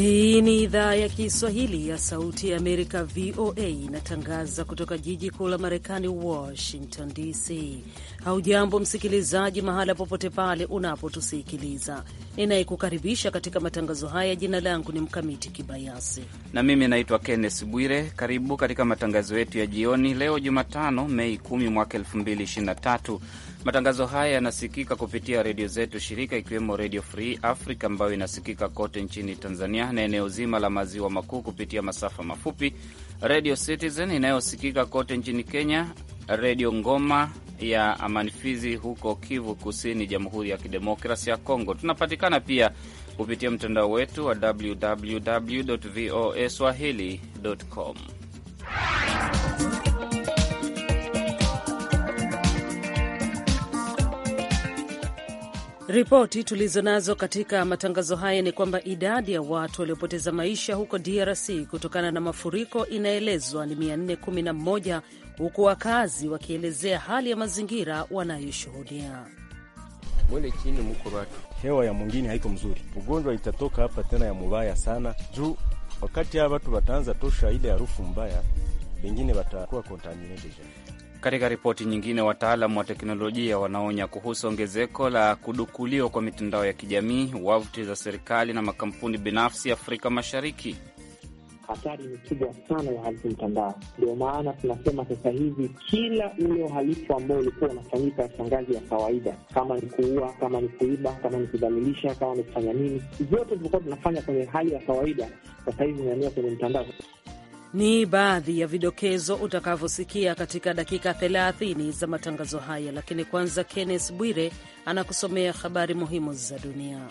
Hii ni idhaa ya Kiswahili ya Sauti ya Amerika, VOA, inatangaza kutoka jiji kuu la Marekani, Washington DC. Haujambo msikilizaji, mahala popote pale unapotusikiliza. Ninayekukaribisha katika matangazo haya, jina langu ni Mkamiti Kibayasi na mimi naitwa kennes Bwire. Karibu katika matangazo yetu ya jioni leo Jumatano, Mei 10 mwaka 2023 Matangazo haya yanasikika kupitia redio zetu shirika, ikiwemo Redio Free Africa ambayo inasikika kote nchini Tanzania na eneo zima la maziwa makuu kupitia masafa mafupi, Redio Citizen inayosikika kote nchini Kenya, Redio Ngoma ya amanifizi huko Kivu Kusini, Jamhuri ya Kidemokrasi ya Kongo. Tunapatikana pia kupitia mtandao wetu wa www voa swahili com Ripoti tulizo nazo katika matangazo haya ni kwamba idadi ya watu waliopoteza maisha huko DRC kutokana na mafuriko inaelezwa ni 411 huku wakazi wakielezea hali ya mazingira wanayoshuhudia. Mwele chini muko watu, hewa ya mwingine haiko mzuri, ugonjwa itatoka hapa tena ya mubaya sana juu wakati hawa watu wataanza tosha ile harufu mbaya, bengine watakuwa contaminated. Katika ripoti nyingine, wataalam wa teknolojia wanaonya kuhusu ongezeko la kudukuliwa kwa mitandao ya kijamii, wavuti za serikali na makampuni binafsi Afrika Mashariki. Hatari ni kubwa sana ya uhalifu mtandao. Ndio maana tunasema sasa hivi kila ule uhalifu ambao ulikuwa unafanyika katika ngazi ya kawaida, kama ni kuua, kama ni kuiba, kama ni kudhalilisha, kama ni kufanya nini, vyote vilikuwa tunafanya kwenye hali ya kawaida, sasa hivi inaenea kwenye mtandao. Ni baadhi ya vidokezo utakavyosikia katika dakika 30 za matangazo haya, lakini kwanza, Kenneth Bwire anakusomea habari muhimu za dunia.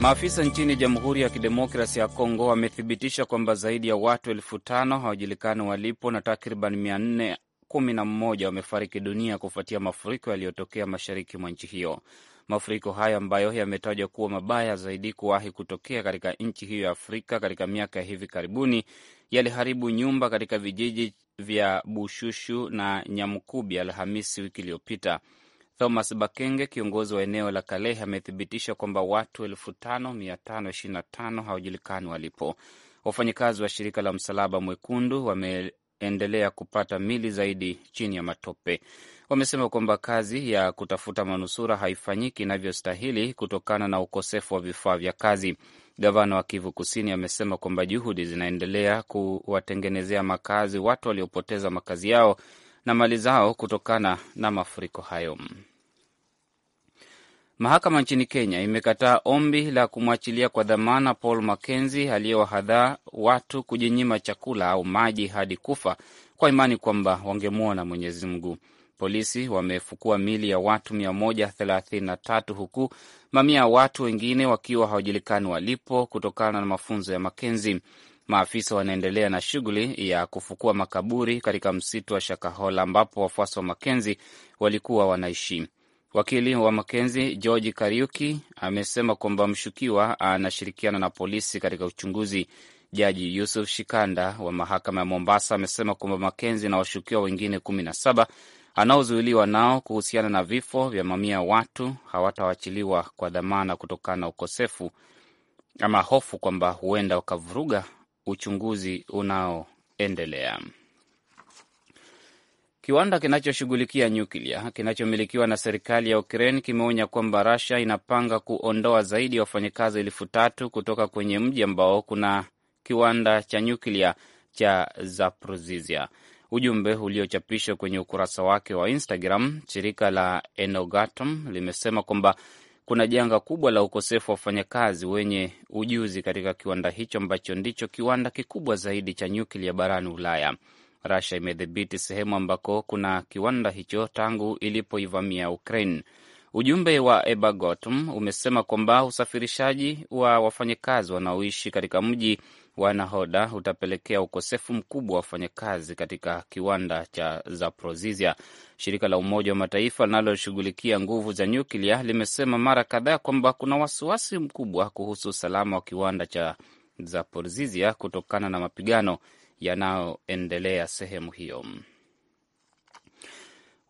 Maafisa nchini Jamhuri ya Kidemokrasi ya Kongo wamethibitisha kwamba zaidi ya watu elfu tano hawajulikani walipo na takriban 411 wamefariki dunia kufuatia mafuriko yaliyotokea mashariki mwa nchi hiyo. Mafuriko hayo ambayo yametajwa kuwa mabaya zaidi kuwahi kutokea katika nchi hiyo ya Afrika katika miaka ya hivi karibuni yaliharibu nyumba katika vijiji vya Bushushu na Nyamkubi Alhamisi wiki iliyopita. Thomas Bakenge, kiongozi wa eneo la Kalehe, amethibitisha kwamba watu 5525 hawajulikani walipo. Wafanyakazi wa shirika la Msalaba Mwekundu wame endelea kupata mili zaidi chini ya matope. Wamesema kwamba kazi ya kutafuta manusura haifanyiki inavyostahili kutokana na ukosefu wa vifaa vya kazi. Gavana wa Kivu Kusini amesema kwamba juhudi zinaendelea kuwatengenezea makazi watu waliopoteza makazi yao na mali zao kutokana na mafuriko hayo. Mahakama nchini Kenya imekataa ombi la kumwachilia kwa dhamana Paul makenzi aliyewahadhaa watu kujinyima chakula au maji hadi kufa kwa imani kwamba wangemwona Mwenyezi Mungu. Polisi wamefukua mili ya watu 133 huku mamia ya watu wengine wakiwa hawajulikani walipo kutokana na mafunzo ya makenzi Maafisa wanaendelea na shughuli ya kufukua makaburi katika msitu wa Shakahola ambapo wafuasi wa makenzi walikuwa wanaishi. Wakili wa Makenzi George Kariuki amesema kwamba mshukiwa anashirikiana na polisi katika uchunguzi. Jaji Yusuf Shikanda wa mahakama ya Mombasa amesema kwamba Makenzi na washukiwa wengine kumi na saba anaozuiliwa nao kuhusiana na vifo vya mamia ya watu hawatawachiliwa kwa dhamana kutokana na ukosefu ama hofu kwamba huenda wakavuruga uchunguzi unaoendelea. Kiwanda kinachoshughulikia nyuklia kinachomilikiwa na serikali ya Ukraine kimeonya kwamba Russia inapanga kuondoa zaidi ya wafanyakazi elfu tatu kutoka kwenye mji ambao kuna kiwanda cha nyuklia cha Zaporizhia. Ujumbe uliochapishwa kwenye ukurasa wake wa Instagram, shirika la Enogatom limesema kwamba kuna janga kubwa la ukosefu wa wafanyakazi wenye ujuzi katika kiwanda hicho ambacho ndicho kiwanda kikubwa zaidi cha nyuklia barani Ulaya. Russia imedhibiti sehemu ambako kuna kiwanda hicho tangu ilipoivamia Ukraine. Ujumbe wa Ebagotum umesema kwamba usafirishaji wa wafanyakazi wanaoishi katika mji wa Nahoda utapelekea ukosefu mkubwa wa wafanyakazi katika kiwanda cha Zaporozhia. Shirika la Umoja wa Mataifa linaloshughulikia nguvu za nyuklia limesema mara kadhaa kwamba kuna wasiwasi mkubwa kuhusu usalama wa kiwanda cha Zaporozhia kutokana na mapigano yanayoendelea sehemu hiyo.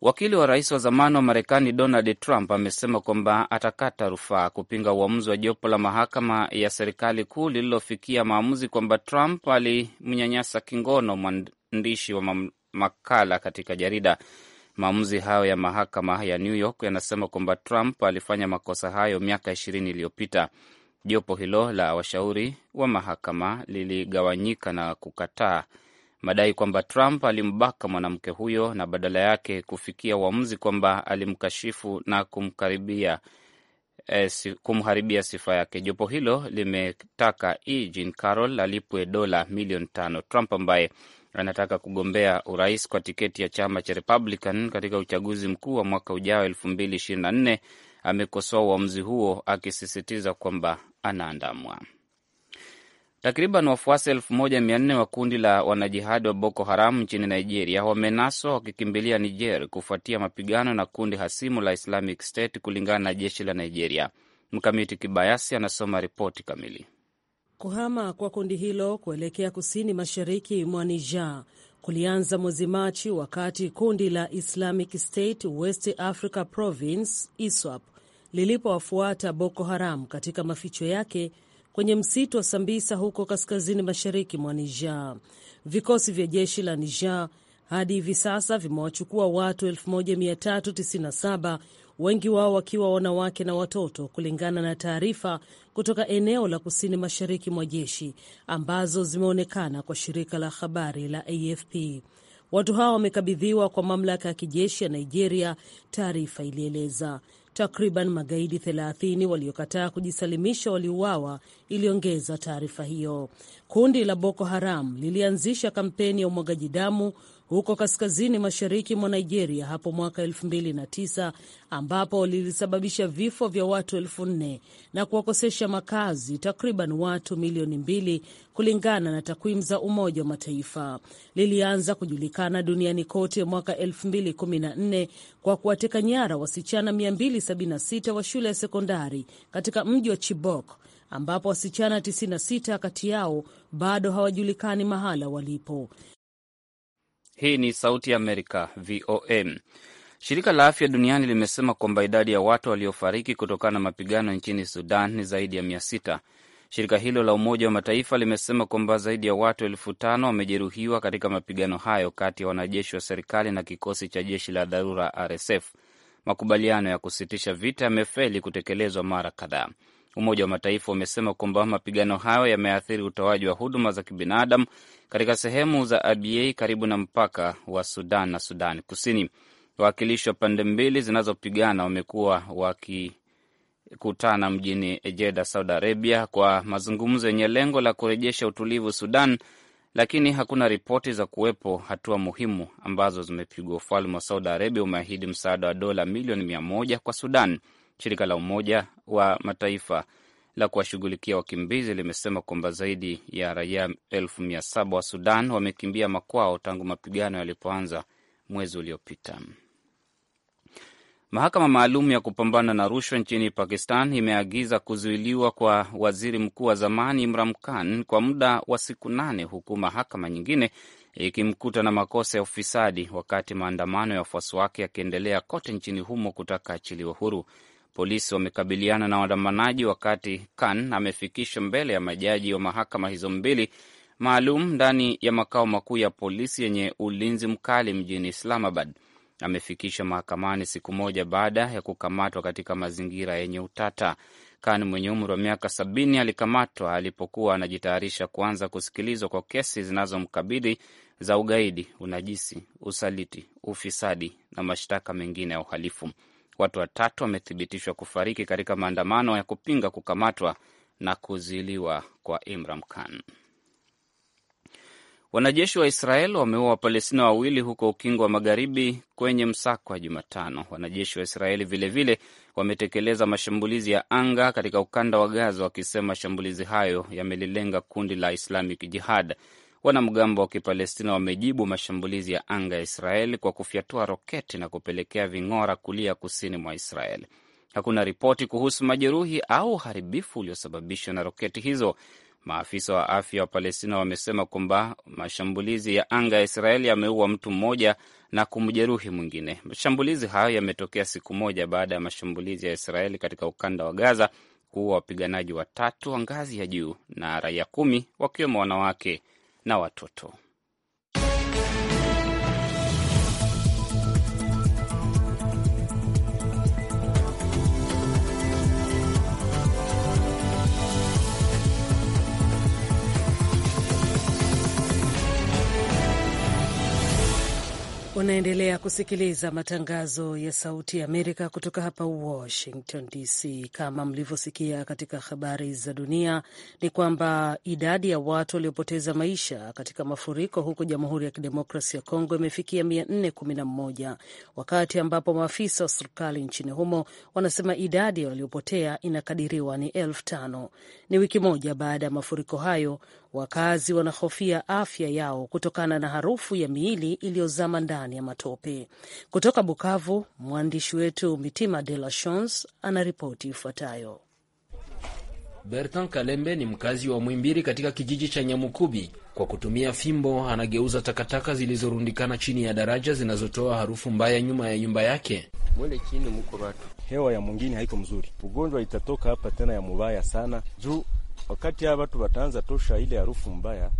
Wakili wa rais wa zamani wa Marekani Donald Trump amesema kwamba atakata rufaa kupinga uamuzi wa jopo la mahakama ya serikali kuu lililofikia maamuzi kwamba Trump alimnyanyasa kingono mwandishi wa makala katika jarida. Maamuzi hayo ya mahakama ya New York yanasema kwamba Trump alifanya makosa hayo miaka ishirini iliyopita. Jopo hilo la washauri wa mahakama liligawanyika na kukataa madai kwamba Trump alimbaka mwanamke huyo na badala yake kufikia uamuzi kwamba alimkashifu na kumkaribia eh, kumharibia sifa yake. Jopo hilo limetaka E. Jean Carroll alipwe dola milioni tano. Trump ambaye anataka kugombea urais kwa tiketi ya chama cha Republican katika uchaguzi mkuu wa mwaka ujao elfu mbili ishirini na nne amekosoa uamuzi huo akisisitiza kwamba anaandamwa. Takriban wafuasi elfu moja mia nne wa kundi la wanajihadi wa Boko Haram nchini Nigeria wamenaswa wakikimbilia Niger kufuatia mapigano na kundi hasimu la Islamic State kulingana na jeshi la Nigeria. Mkamiti Kibayasi anasoma ripoti kamili. Kuhama kwa kundi hilo kuelekea kusini mashariki mwa Niger kulianza mwezi Machi wakati kundi la Islamic State West Africa Province ISWAP lilipowafuata Boko Haram katika maficho yake kwenye msitu wa Sambisa huko kaskazini mashariki mwa Niger. Vikosi vya jeshi la Niger hadi hivi sasa vimewachukua watu 1397 wengi wao wakiwa wanawake na watoto, kulingana na taarifa kutoka eneo la kusini mashariki mwa jeshi ambazo zimeonekana kwa shirika la habari la AFP. Watu hao wamekabidhiwa kwa mamlaka ya kijeshi ya Nigeria, taarifa ilieleza. Takriban magaidi 30 waliokataa kujisalimisha waliuawa, iliongeza taarifa hiyo. Kundi la Boko Haram lilianzisha kampeni ya umwagaji damu huko kaskazini mashariki mwa Nigeria hapo mwaka 2009 ambapo lilisababisha vifo vya watu elfu nne na kuwakosesha makazi takriban watu milioni mbili kulingana na takwimu za Umoja wa Mataifa. Lilianza kujulikana duniani kote mwaka 2014 kwa kuwateka nyara wasichana 276 wa shule ya sekondari katika mji wa Chibok ambapo wasichana 96 kati yao bado hawajulikani mahala walipo. Hii ni Sauti ya Amerika, VOM. Shirika la Afya Duniani limesema kwamba idadi ya watu waliofariki kutokana na mapigano nchini Sudan ni zaidi ya mia sita. Shirika hilo la Umoja wa Mataifa limesema kwamba zaidi ya watu elfu tano wamejeruhiwa katika mapigano hayo kati ya wanajeshi wa serikali na kikosi cha jeshi la dharura RSF. Makubaliano ya kusitisha vita yamefeli kutekelezwa mara kadhaa. Umoja wa Mataifa umesema kwamba mapigano hayo yameathiri utoaji wa huduma za kibinadamu katika sehemu za Abyei karibu na mpaka wa Sudan na Sudan Kusini. Wawakilishi wa pande mbili zinazopigana wamekuwa wakikutana mjini Ejeda, Saudi Arabia, kwa mazungumzo yenye lengo la kurejesha utulivu Sudan, lakini hakuna ripoti za kuwepo hatua muhimu ambazo zimepigwa. Ufalme wa Saudi Arabia umeahidi msaada wa dola milioni mia moja kwa Sudan. Shirika la Umoja wa Mataifa la kuwashughulikia wakimbizi limesema kwamba zaidi ya raia elfu mia saba wa Sudan wamekimbia makwao tangu mapigano yalipoanza mwezi uliopita. Mahakama maalum ya kupambana na rushwa nchini Pakistan imeagiza kuzuiliwa kwa waziri mkuu wa zamani Imran Khan kwa muda wa siku nane huku mahakama nyingine ikimkuta na makosa ya ufisadi, wakati maandamano ya wafuasi wake yakiendelea kote nchini humo kutaka achiliwa huru. Polisi wamekabiliana na waandamanaji wakati Khan amefikishwa mbele ya majaji wa mahakama hizo mbili maalum ndani ya makao makuu ya polisi yenye ulinzi mkali mjini Islamabad. Amefikishwa mahakamani siku moja baada ya kukamatwa katika mazingira yenye utata. Khan mwenye umri wa miaka sabini alikamatwa alipokuwa anajitayarisha kuanza kusikilizwa kwa kesi zinazomkabili za ugaidi, unajisi, usaliti, ufisadi na mashtaka mengine ya uhalifu watu watatu wamethibitishwa kufariki katika maandamano ya kupinga kukamatwa na kuziliwa kwa Imran Khan. Wanajeshi wa Israel wameua Wapalestina wawili huko Ukingo wa Magharibi kwenye msako wa Jumatano. Wanajeshi wa Israeli vilevile wametekeleza mashambulizi ya anga katika ukanda wa Gaza, wakisema mashambulizi hayo yamelilenga kundi la Islamic Jihad. Wanamgambo wa Kipalestina wamejibu mashambulizi ya anga ya israel kwa kufyatua roketi na kupelekea ving'ora kulia kusini mwa israel Hakuna ripoti kuhusu majeruhi au uharibifu uliosababishwa na roketi hizo. Maafisa wa afya wa Palestina wamesema kwamba mashambulizi ya anga ya israel yameua mtu mmoja na kumjeruhi mwingine. Mashambulizi hayo yametokea siku moja baada ya mashambulizi ya Israeli katika ukanda wa Gaza kuua wapiganaji watatu wa ngazi ya juu na raia kumi wakiwemo wanawake na watoto. Unaendelea kusikiliza matangazo ya Sauti ya Amerika kutoka hapa Washington DC. Kama mlivyosikia katika habari za dunia, ni kwamba idadi ya watu waliopoteza maisha katika mafuriko huko Jamhuri ya Kidemokrasi ya Kongo imefikia 411 wakati ambapo maafisa wa serikali nchini humo wanasema idadi ya waliopotea inakadiriwa ni elfu tano. Ni wiki moja baada ya mafuriko hayo, Wakazi wanahofia afya yao kutokana na harufu ya miili iliyozama ndani ya matope. Kutoka Bukavu, mwandishi wetu Mitima De La Chance anaripoti ifuatayo. Bertan Kalembe ni mkazi wa Mwimbiri katika kijiji cha Nyamukubi. Kwa kutumia fimbo anageuza takataka zilizorundikana chini ya daraja zinazotoa harufu mbaya nyuma ya nyumba yake. Mwele chini muko watu, hewa ya mwingine haiko mzuri, ugonjwa itatoka hapa tena ya mubaya sana juu Wakati hawa watu wataanza tosha ile harufu mbaya,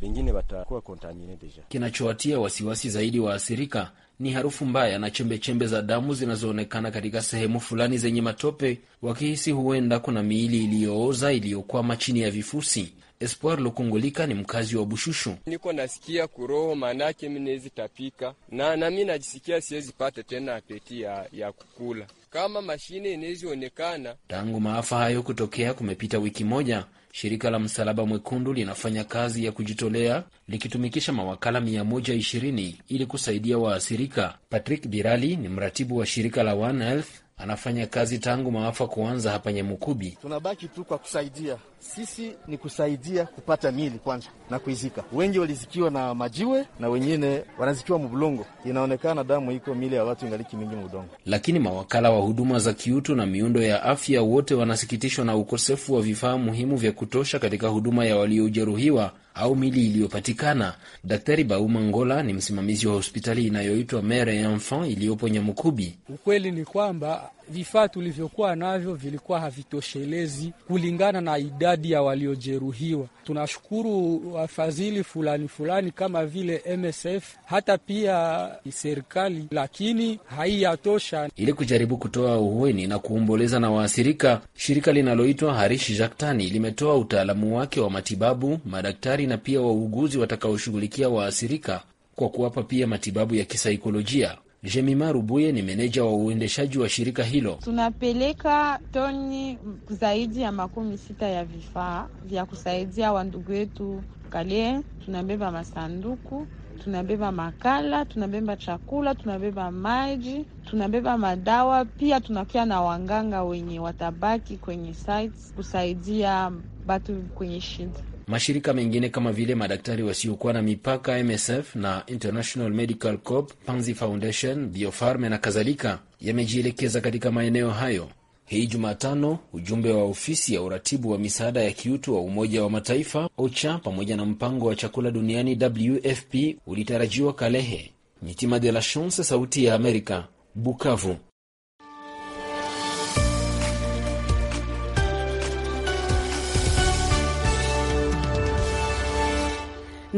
vingine watakuwa kontamine deja. Kinachowatia wasiwasi zaidi waathirika ni harufu mbaya na chembechembe chembe za damu zinazoonekana katika sehemu fulani zenye matope, wakihisi huenda kuna miili iliyooza iliyokwama chini ya vifusi. Espoir lukungulika ni mkazi wa Bushushu. Niko nasikia kuroho, maanake minezi tapika na nami najisikia siwezi pata tena apeti ya, ya kukula kama mashine inazoonekana. Tangu maafa hayo kutokea kumepita wiki moja. Shirika la Msalaba Mwekundu linafanya kazi ya kujitolea likitumikisha mawakala 120 ili kusaidia waathirika. Patrick Birali ni mratibu wa shirika la One Health anafanya kazi tangu maafa kuanza hapa Nyamukubi. Tunabaki tu kwa kusaidia, sisi ni kusaidia kupata mili kwanza na kuizika. Wengi walizikiwa na majiwe na wengine wanazikiwa mubulongo, inaonekana damu iko mili ya watu ingaliki mingi mudongo. Lakini mawakala wa huduma za kiutu na miundo ya afya wote wanasikitishwa na ukosefu wa vifaa muhimu vya kutosha katika huduma ya waliojeruhiwa au mili iliyopatikana. Daktari Bauma Ngola ni msimamizi wa hospitali inayoitwa Mere Enfant iliyopo Nyamukubi. Ukweli ni kwamba vifaa tulivyokuwa navyo vilikuwa havitoshelezi kulingana na idadi ya waliojeruhiwa. Tunashukuru wafadhili fulani fulani kama vile MSF hata pia serikali, lakini haiyatosha. Ili kujaribu kutoa uhweni na kuomboleza na waathirika, shirika linaloitwa Harishi Jaktani limetoa utaalamu wake wa matibabu, madaktari na pia wauguzi watakaoshughulikia waathirika kwa kuwapa pia matibabu ya kisaikolojia. Jemima Rubuye ni meneja wa uendeshaji wa shirika hilo. Tunapeleka toni zaidi ya makumi sita ya vifaa vya kusaidia wandugu wetu Kale. Tunabeba masanduku, tunabeba makala, tunabeba chakula, tunabeba maji, tunabeba madawa. Pia tunakia na wanganga wenye watabaki kwenye sites kusaidia batu kwenye shida. Mashirika mengine kama vile madaktari wasiokuwa na mipaka MSF na International Medical Corps, Panzi Foundation, Biofarme na kadhalika yamejielekeza katika maeneo hayo. Hii Jumatano, ujumbe wa ofisi ya uratibu wa misaada ya kiutu wa Umoja wa Mataifa OCHA pamoja na mpango wa chakula duniani WFP ulitarajiwa Kalehe. Mitima de la Chance, Sauti ya Amerika, Bukavu.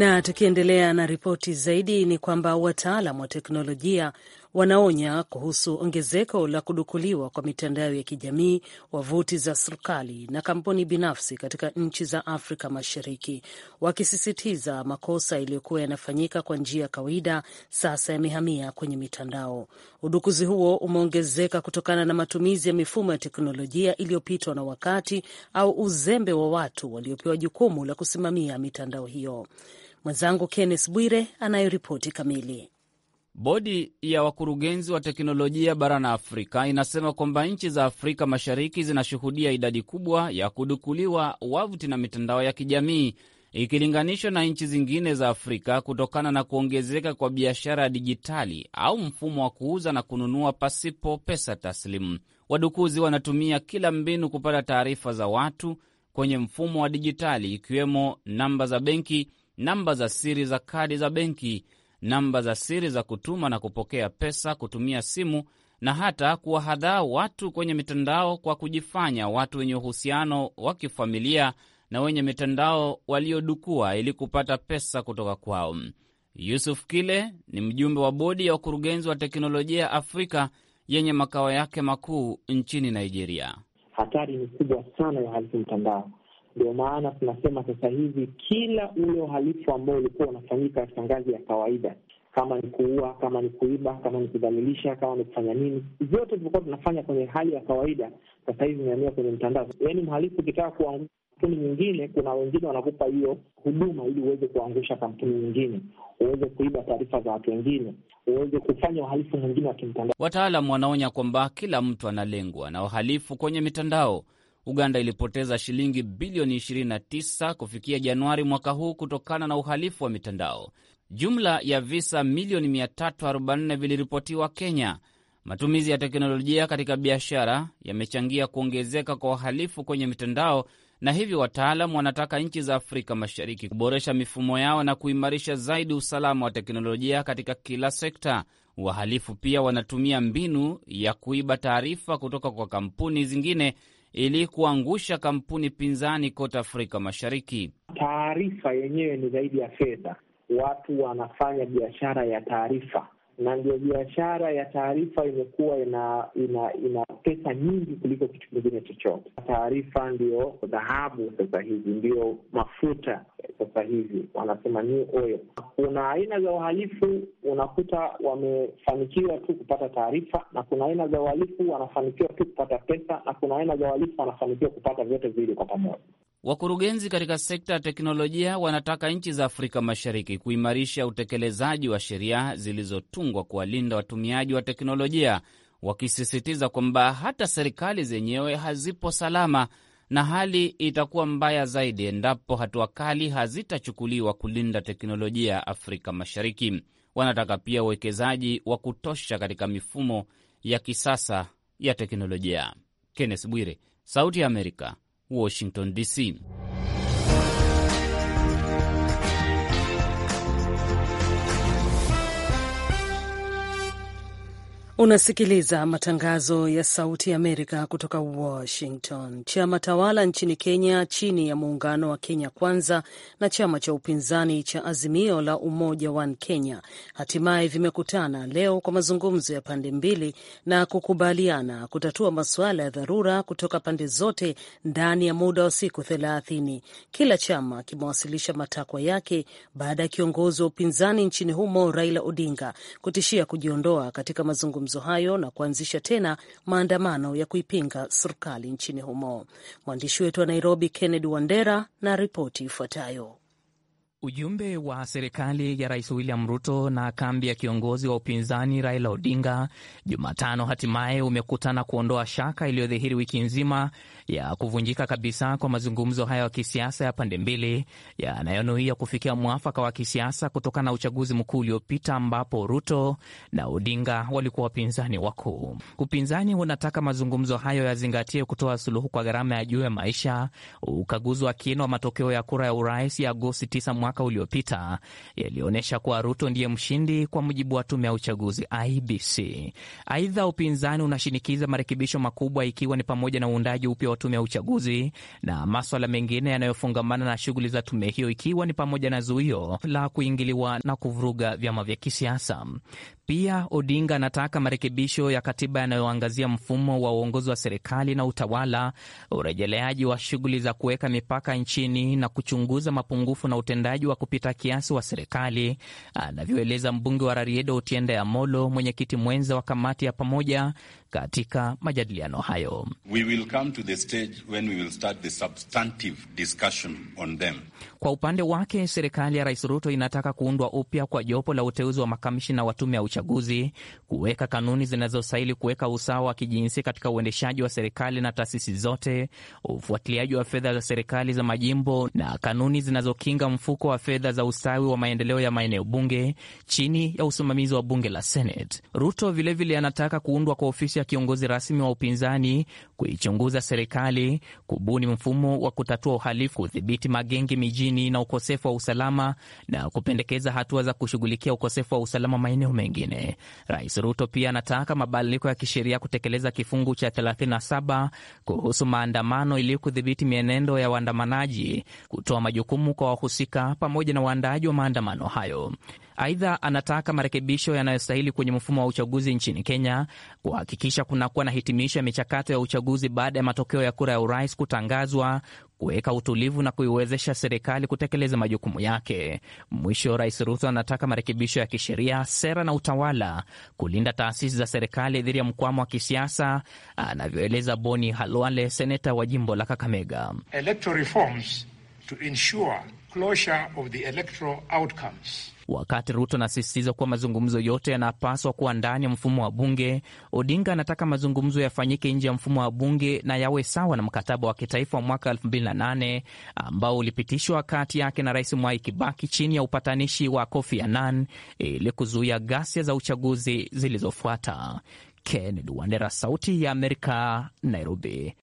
Na tukiendelea na ripoti zaidi ni kwamba wataalam wa teknolojia wanaonya kuhusu ongezeko la kudukuliwa kwa mitandao ya kijamii, wavuti za serikali na kampuni binafsi katika nchi za Afrika Mashariki, wakisisitiza makosa yaliyokuwa yanafanyika kwa njia ya kawaida sasa yamehamia kwenye mitandao. Udukuzi huo umeongezeka kutokana na matumizi ya mifumo ya teknolojia iliyopitwa na wakati au uzembe wa watu waliopewa jukumu la kusimamia mitandao hiyo. Mwenzangu Kenneth Bwire anayoripoti kamili. Bodi ya wakurugenzi wa teknolojia barani Afrika inasema kwamba nchi za Afrika Mashariki zinashuhudia idadi kubwa ya kudukuliwa wavuti na mitandao ya kijamii ikilinganishwa na nchi zingine za Afrika kutokana na kuongezeka kwa biashara ya dijitali au mfumo wa kuuza na kununua pasipo pesa taslimu. Wadukuzi wanatumia kila mbinu kupata taarifa za watu kwenye mfumo wa dijitali, ikiwemo namba za benki namba za siri za kadi za benki, namba za siri za kutuma na kupokea pesa kutumia simu, na hata kuwahadhaa watu kwenye mitandao kwa kujifanya watu wenye uhusiano wa kifamilia na wenye mitandao waliodukua ili kupata pesa kutoka kwao. Yusuf Kile ni mjumbe wa bodi ya wakurugenzi wa teknolojia ya Afrika yenye makao yake makuu nchini Nigeria. Hatari ni kubwa sana ya halifu mtandao, ndio maana tunasema sasa hivi kila ule uhalifu ambao ulikuwa unafanyika katika ngazi ya kawaida, kama ni kuua, kama ni kuiba, kama ni kudhalilisha, kama ni kufanya nini, vyote vilikuwa tunafanya kwenye hali ya kawaida, sasa hivi vimeamia kwenye mtandao. Yaani mhalifu ukitaka kuangua kampuni nyingine, kuna wengine wanakupa hiyo huduma ili uweze kuangusha kampuni nyingine, uweze kuiba taarifa za watu wengine, uweze kufanya uhalifu mwingine wa kimtandao. Wataalam wanaonya kwamba kila mtu analengwa na uhalifu kwenye mitandao Uganda ilipoteza shilingi bilioni 29 kufikia Januari mwaka huu kutokana na uhalifu wa mitandao. Jumla ya visa milioni 344 viliripotiwa Kenya. Matumizi ya teknolojia katika biashara yamechangia kuongezeka kwa uhalifu kwenye mitandao, na hivyo wataalam wanataka nchi za Afrika Mashariki kuboresha mifumo yao na kuimarisha zaidi usalama wa teknolojia katika kila sekta. Wahalifu pia wanatumia mbinu ya kuiba taarifa kutoka kwa kampuni zingine ili kuangusha kampuni pinzani kote Afrika Mashariki. Taarifa yenyewe ni zaidi ya fedha, watu wanafanya biashara ya taarifa na ndio biashara ya taarifa imekuwa ina ina ina pesa nyingi kuliko kitu kingine chochote. Taarifa ndio dhahabu sasa hivi, ndio mafuta sasa hivi, wanasema new oil. Kuna aina za uhalifu unakuta wamefanikiwa tu kupata taarifa, na kuna aina za uhalifu wanafanikiwa tu kupata pesa, na kuna aina za uhalifu wanafanikiwa kupata vyote viwili kwa pamoja. Wakurugenzi katika sekta ya teknolojia wanataka nchi za Afrika Mashariki kuimarisha utekelezaji wa sheria zilizotungwa kuwalinda watumiaji wa teknolojia, wakisisitiza kwamba hata serikali zenyewe hazipo salama na hali itakuwa mbaya zaidi endapo hatua kali hazitachukuliwa kulinda teknolojia Afrika Mashariki. Wanataka pia uwekezaji wa kutosha katika mifumo ya kisasa ya teknolojia. Kenneth Bwire, Sauti ya Amerika, Washington DC. Unasikiliza matangazo ya Sauti ya Amerika kutoka Washington. Chama tawala nchini Kenya chini ya muungano wa Kenya Kwanza na chama cha upinzani cha Azimio la Umoja One Kenya hatimaye vimekutana leo kwa mazungumzo ya pande mbili na kukubaliana kutatua masuala ya dharura kutoka pande zote ndani ya muda wa siku thelathini. Kila chama kimewasilisha matakwa yake baada ya kiongozi wa upinzani nchini humo Raila Odinga kutishia kujiondoa katika mazungumzo mazungumzo hayo na kuanzisha tena maandamano ya kuipinga serikali nchini humo. Mwandishi wetu wa Nairobi, Kennedy Wandera, na ripoti ifuatayo. Ujumbe wa serikali ya Rais William Ruto na kambi ya kiongozi wa upinzani Raila Odinga Jumatano hatimaye umekutana kuondoa shaka iliyodhihiri wiki nzima ya kuvunjika kabisa kwa mazungumzo hayo ya kisiasa ya pande mbili yanayonuia kufikia mwafaka wa kisiasa kutokana na uchaguzi mkuu uliopita ambapo Ruto na Odinga walikuwa wapinzani wakuu. Upinzani unataka mazungumzo hayo yazingatie kutoa suluhu kwa gharama ya juu ya maisha, ukaguzi wa kina wa matokeo ya kura ya urais ya Agosti 9 mwaka uliopita yalionyesha kuwa Ruto ndiye mshindi kwa mujibu wa tume ya uchaguzi IBC. Aidha, upinzani unashinikiza marekebisho makubwa ikiwa ni pamoja na uundaji upya tume ya uchaguzi na maswala mengine yanayofungamana na shughuli za tume hiyo, ikiwa ni pamoja na zuio la kuingiliwa na kuvuruga vyama vya kisiasa. Pia Odinga anataka marekebisho ya katiba yanayoangazia mfumo wa uongozi wa serikali na utawala, urejeleaji wa shughuli za kuweka mipaka nchini na kuchunguza mapungufu na utendaji wa kupita kiasi wa serikali, anavyoeleza mbunge wa utienda Otiende Amolo, mwenyekiti mwenza wa kamati ya pamoja katika majadiliano hayo. Kwa upande wake, serikali ya Rais Ruto inataka kuundwa upya kwa jopo la uteuzi wa makamishina wa tume ya uchaguzi, kuweka kanuni zinazostahili kuweka usawa wa kijinsia katika uendeshaji wa serikali na taasisi zote, ufuatiliaji wa fedha za serikali za majimbo na kanuni zinazokinga mfuko wa fedha za ustawi wa maendeleo ya maeneo bunge chini ya usimamizi wa bunge la Senate. Ruto vilevile vile anataka kuundwa kwa ofisi ya kiongozi rasmi wa upinzani, kuichunguza serikali, kubuni mfumo wa kutatua uhalifu, kudhibiti magenge mijini na ukosefu wa usalama na kupendekeza hatua za kushughulikia ukosefu wa usalama maeneo mengine nyingine. Rais Ruto pia anataka mabadiliko ya kisheria kutekeleza kifungu cha 37 kuhusu maandamano ili kudhibiti mienendo ya waandamanaji, kutoa majukumu kwa wahusika pamoja na waandaaji wa maandamano hayo. Aidha, anataka marekebisho yanayostahili kwenye mfumo wa uchaguzi nchini Kenya, kuhakikisha kunakuwa na hitimisho ya michakato ya uchaguzi baada ya matokeo ya kura ya urais kutangazwa, kuweka utulivu na kuiwezesha serikali kutekeleza majukumu yake. Mwisho, Rais Ruto anataka marekebisho ya kisheria, sera na utawala, kulinda taasisi za serikali dhidi ya mkwamo wa kisiasa, anavyoeleza Boni Halwale, seneta wa jimbo la Kakamega. Electoral reforms to ensure closure of the electoral outcomes. Wakati Ruto anasisitiza kuwa mazungumzo yote yanapaswa kuwa ndani ya mfumo wa bunge, Odinga anataka mazungumzo yafanyike nje ya mfumo wa bunge na yawe sawa na mkataba wa kitaifa wa mwaka 2008 ambao ulipitishwa kati yake na Rais Mwai Kibaki chini ya upatanishi wa Kofi Annan ili kuzuia ghasia za uchaguzi zilizofuata. Kennedy Wandera, Sauti ya Amerika, Nairobi.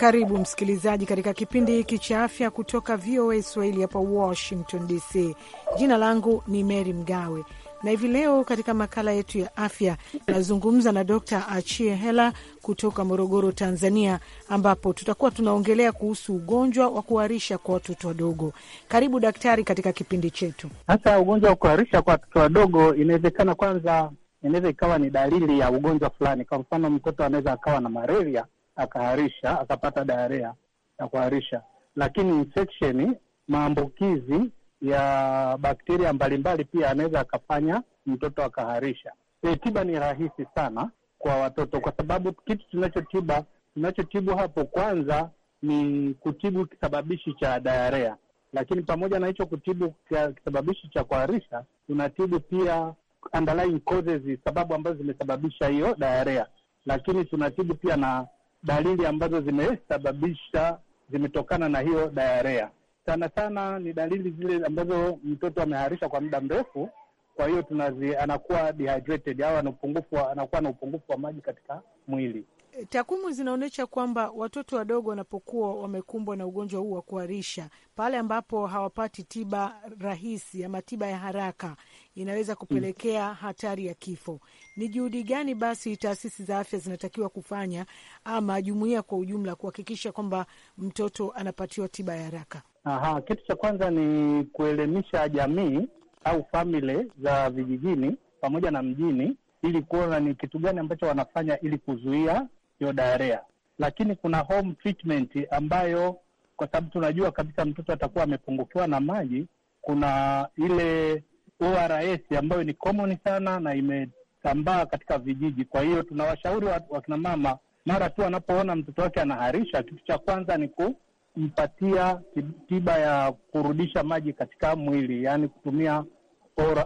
Karibu msikilizaji katika kipindi hiki cha afya kutoka VOA Swahili hapa Washington DC. Jina langu ni Mary Mgawe na hivi leo katika makala yetu ya afya nazungumza na Dr Achie Hela kutoka Morogoro, Tanzania, ambapo tutakuwa tunaongelea kuhusu ugonjwa wa kuharisha kwa watoto wadogo. Karibu daktari katika kipindi chetu. hasa ugonjwa wa kuharisha kwa watoto wadogo, inawezekana kwanza, inaweza ikawa ni dalili ya ugonjwa fulani. Kwa mfano, mtoto anaweza akawa na malaria akaharisha, akapata diarrhea ya kuharisha. Lakini infection, maambukizi ya bakteria mbalimbali pia anaweza akafanya mtoto akaharisha. E, tiba ni rahisi sana kwa watoto kwa sababu kitu tunachotiba tunachotibu hapo kwanza ni kutibu kisababishi cha diarrhea, lakini pamoja na hicho kutibu kisababishi cha kuharisha, tunatibu pia underlying causes, sababu ambazo zimesababisha hiyo diarrhea, lakini tunatibu pia na dalili ambazo zimesababisha zimetokana na hiyo dayarea. Sana sana ni dalili zile ambazo mtoto ameharisha kwa muda mrefu, kwa hiyo tunazi, anakuwa dehydrated au anakuwa na upungufu wa maji katika mwili. Takwimu zinaonyesha kwamba watoto wadogo wanapokuwa wamekumbwa na ugonjwa huu wa kuharisha, pale ambapo hawapati tiba rahisi ama tiba ya haraka, inaweza kupelekea hatari ya kifo. Ni juhudi gani basi taasisi za afya zinatakiwa kufanya ama jumuia kwa ujumla kuhakikisha kwamba mtoto anapatiwa tiba ya haraka? Aha, kitu cha kwanza ni kuelimisha jamii au famili za vijijini pamoja na mjini ili kuona ni kitu gani ambacho wanafanya ili kuzuia hiyo diarrhea. Lakini kuna home treatment ambayo, kwa sababu tunajua kabisa mtoto atakuwa amepungukiwa na maji, kuna ile ORS ambayo ni common sana na imesambaa katika vijiji. Kwa hiyo tunawashauri wakinamama, mara tu anapoona mtoto wake anaharisha, kitu cha kwanza ni kumpatia tiba ya kurudisha maji katika mwili, yaani kutumia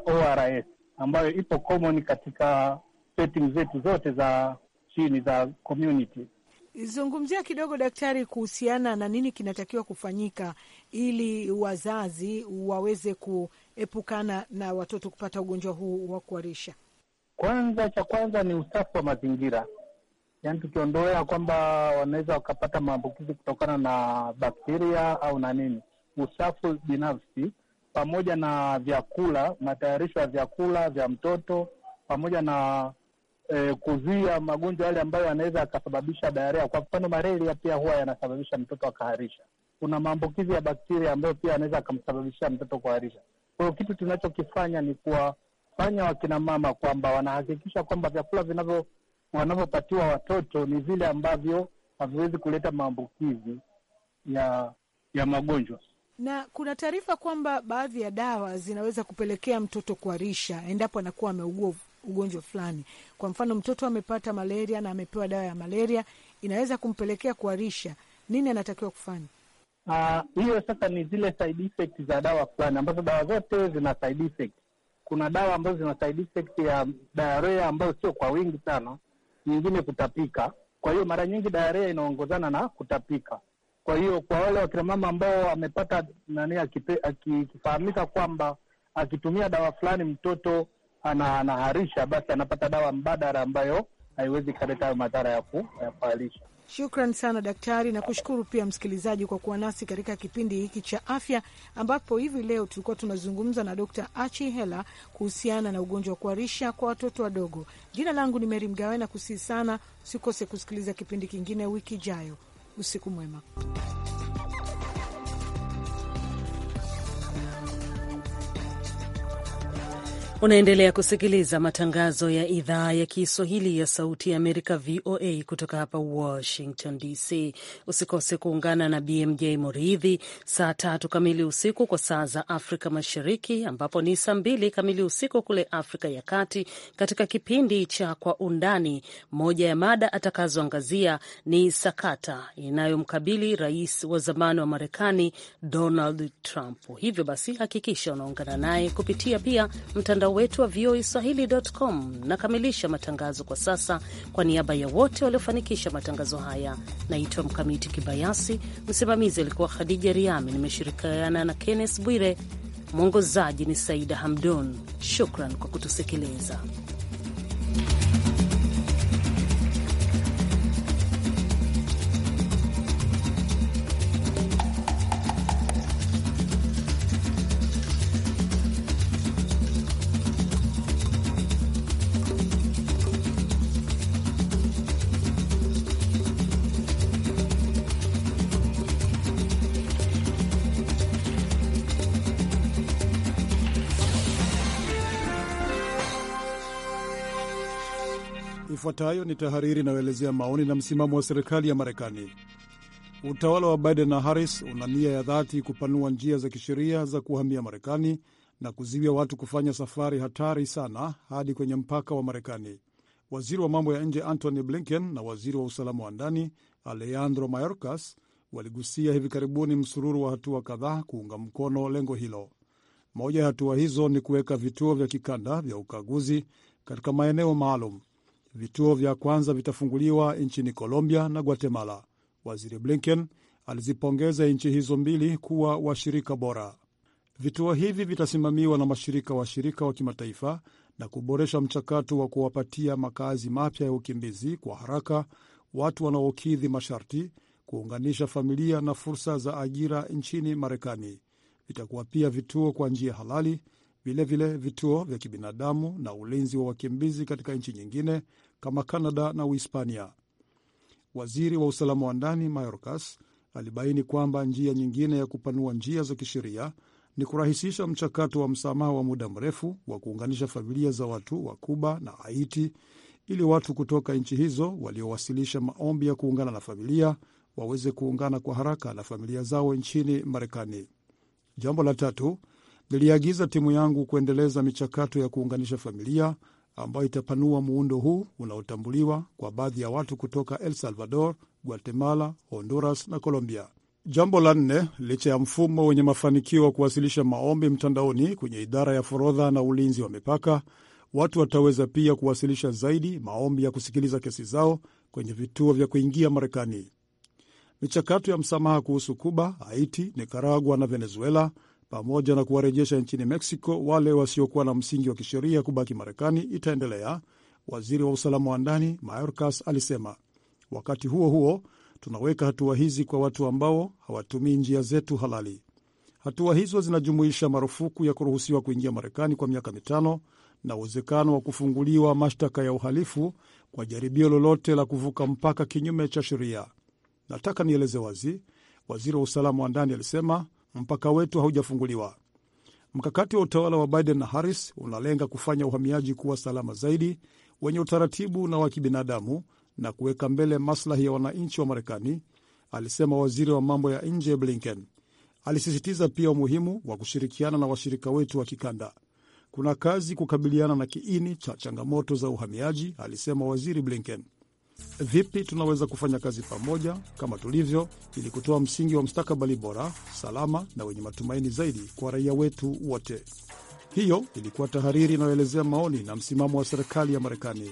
ORS ambayo ipo common katika setting zetu zote za chini za community. Zungumzia kidogo daktari, kuhusiana na nini kinatakiwa kufanyika ili wazazi waweze kuepukana na watoto kupata ugonjwa huu wa kuharisha. Kwanza, cha kwanza ni usafi wa mazingira, yaani tukiondolea kwamba wanaweza wakapata maambukizi kutokana na bakteria au na nini, usafi binafsi pamoja na vyakula, matayarisho ya vyakula vya mtoto pamoja na eh, kuzuia magonjwa yale ambayo yanaweza akasababisha diarrhea. Kwa mfano malaria pia huwa yanasababisha mtoto akaharisha. Kuna maambukizi ya bakteria ambayo pia anaweza akamsababishia mtoto kuharisha. Kwa hiyo kitu tunachokifanya ni kuwafanya wakinamama kwamba wanahakikisha kwamba vyakula vinavyo wanavyopatiwa watoto ni vile ambavyo haviwezi kuleta maambukizi ya ya magonjwa. Na kuna taarifa kwamba baadhi ya dawa zinaweza kupelekea mtoto kuharisha endapo anakuwa ameugua ugonjwa fulani. Kwa mfano, mtoto amepata malaria na amepewa dawa ya malaria, inaweza kumpelekea kuharisha. Nini anatakiwa kufanya? Ah, hiyo uh, sasa ni zile side effect za dawa fulani, ambazo dawa zote zina side effect. Kuna dawa ambazo zina side effect ya diarrhea ambayo sio kwa wingi sana, nyingine kutapika. Kwa hiyo mara nyingi diarrhea inaongozana na kutapika. Kwa hiyo kwa wale wakinamama ambao amepata nani, akifahamika kwamba akitumia dawa fulani mtoto anaharisha, basi anapata dawa mbadala ambayo haiwezi ikaleta hayo madhara ya kuharisha. Shukran sana daktari, na kushukuru pia msikilizaji kwa kuwa nasi katika kipindi hiki cha afya, ambapo hivi leo tulikuwa tunazungumza na dk Achi Hela kuhusiana na ugonjwa wa kuharisha kwa watoto wadogo. Jina langu ni Meri Mgawe na kusihi sana usikose kusikiliza kipindi kingine wiki ijayo. Usiku mwema. Unaendelea kusikiliza matangazo ya idhaa ya Kiswahili ya Sauti ya Amerika, VOA, kutoka hapa Washington DC. Usikose kuungana na BMJ Moridhi saa tatu kamili usiku kwa saa za Afrika Mashariki, ambapo ni saa mbili kamili usiku kule Afrika ya Kati, katika kipindi cha Kwa Undani. Moja ya mada atakazoangazia ni sakata inayomkabili rais wa zamani wa Marekani Donald Trump. Hivyo basi, hakikisha unaungana naye kupitia pia mtandao mtandao wetu wa VOA Swahili.com. Nakamilisha matangazo kwa sasa. Kwa niaba ya wote waliofanikisha matangazo haya, naitwa Mkamiti Kibayasi, msimamizi alikuwa Khadija Riami, nimeshirikiana na Kenneth Bwire, mwongozaji ni Saida Hamdun. Shukran kwa kutusikiliza. Ifuatayo ni tahariri inayoelezea maoni na msimamo wa serikali ya Marekani. Utawala wa Biden na Harris una nia ya dhati kupanua njia za kisheria za kuhamia Marekani na kuziwia watu kufanya safari hatari sana hadi kwenye mpaka wa Marekani. Waziri wa mambo ya nje Antony Blinken na waziri wa usalama wa ndani Alejandro Mayorkas waligusia hivi karibuni msururu wa hatua kadhaa kuunga mkono lengo hilo. Moja ya hatua hizo ni kuweka vituo vya kikanda vya ukaguzi katika maeneo maalum. Vituo vya kwanza vitafunguliwa nchini Colombia na Guatemala. Waziri Blinken alizipongeza nchi hizo mbili kuwa washirika bora. Vituo hivi vitasimamiwa na mashirika washirika wa kimataifa na kuboresha mchakato wa kuwapatia makazi mapya ya ukimbizi kwa haraka watu wanaokidhi masharti, kuunganisha familia na fursa za ajira nchini Marekani. Vitakuwa pia vituo kwa njia halali vilevile vituo vya kibinadamu na ulinzi wa wakimbizi katika nchi nyingine kama canada na Uhispania. Waziri wa usalama wa ndani Mayorkas alibaini kwamba njia nyingine ya kupanua njia za kisheria ni kurahisisha mchakato wa msamaha wa muda mrefu wa kuunganisha familia za watu wa Kuba na Haiti ili watu kutoka nchi hizo waliowasilisha maombi ya kuungana na familia waweze kuungana kwa haraka na familia zao nchini Marekani. Jambo la tatu, Niliagiza timu yangu kuendeleza michakato ya kuunganisha familia ambayo itapanua muundo huu unaotambuliwa kwa baadhi ya watu kutoka El Salvador, Guatemala, Honduras na Colombia. Jambo la nne, licha ya mfumo wenye mafanikio wa kuwasilisha maombi mtandaoni kwenye idara ya forodha na ulinzi wa mipaka, watu wataweza pia kuwasilisha zaidi maombi ya kusikiliza kesi zao kwenye vituo vya kuingia Marekani. Michakato ya msamaha kuhusu Kuba, Haiti, Nikaragua na Venezuela pamoja na kuwarejesha nchini Mexico wale wasiokuwa na msingi wa kisheria kubaki Marekani itaendelea, waziri wa usalama wa ndani Mayorkas alisema. Wakati huo huo, tunaweka hatua hizi kwa watu ambao hawatumii njia zetu halali. Hatua hizo zinajumuisha marufuku ya kuruhusiwa kuingia Marekani kwa miaka mitano na uwezekano wa kufunguliwa mashtaka ya uhalifu kwa jaribio lolote la kuvuka mpaka kinyume cha sheria. Nataka nieleze wazi, waziri wa usalama wa ndani alisema, mpaka wetu haujafunguliwa. Mkakati wa utawala wa Biden na Harris unalenga kufanya uhamiaji kuwa salama zaidi, wenye utaratibu na wa kibinadamu, na kuweka mbele maslahi ya wananchi wa Marekani, alisema waziri wa mambo ya nje Blinken. Alisisitiza pia umuhimu wa kushirikiana na washirika wetu wa kikanda. Kuna kazi kukabiliana na kiini cha changamoto za uhamiaji, alisema waziri Blinken vipi tunaweza kufanya kazi pamoja kama tulivyo, ili kutoa msingi wa mustakabali bora, salama na wenye matumaini zaidi kwa raia wetu wote. Hiyo ilikuwa tahariri inayoelezea maoni na msimamo wa serikali ya Marekani.